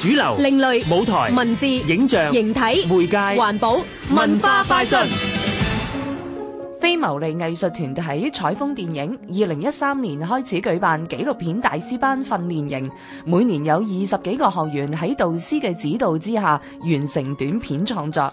主流、另類、舞台、文字、影像、形體、媒介、環保、文化發信、快訊。非牟利藝術團體采風電影二零一三年開始舉辦紀錄片大師班訓練營，每年有二十幾個學員喺導師嘅指導之下完成短片創作。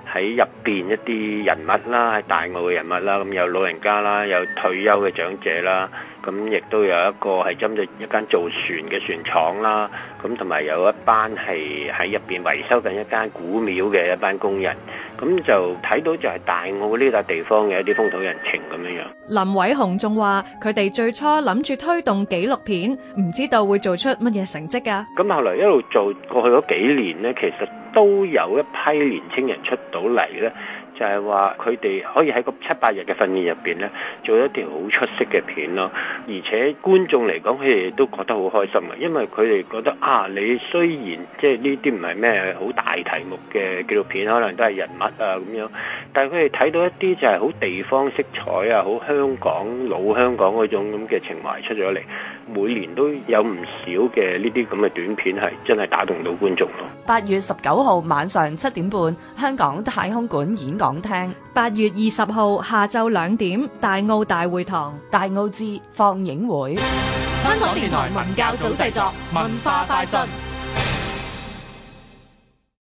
喺入邊一啲人物啦，喺大澳嘅人物啦，咁有老人家啦，有退休嘅長者啦，咁亦都有一個係針對一間造船嘅船廠啦，咁同埋有一班係喺入邊維修緊一間古廟嘅一班工人，咁就睇到就係大澳呢笪地方嘅一啲風土人情咁樣樣。林偉雄仲話：佢哋最初諗住推動紀錄片，唔知道會做出乜嘢成績㗎。咁後嚟一路做過去嗰幾年呢，其實。都有一批年青人出到嚟呢，就係話佢哋可以喺個七八日嘅訓練入面呢，做一段好出色嘅片咯。而且觀眾嚟講，佢哋都覺得好開心呀，因為佢哋覺得啊，你雖然即係呢啲唔係咩好大題目嘅紀錄片，可能都係人物啊咁樣。但係佢哋睇到一啲就係好地方色彩啊，好香港老香港嗰種咁嘅情懷出咗嚟，每年都有唔少嘅呢啲咁嘅短片係真係打動到觀眾咯。八月十九號晚上七點半，香港太空館演講廳，八月二十號下晝兩點，大澳大會堂大澳志放映會。香港電台文教組製作，文化快訊。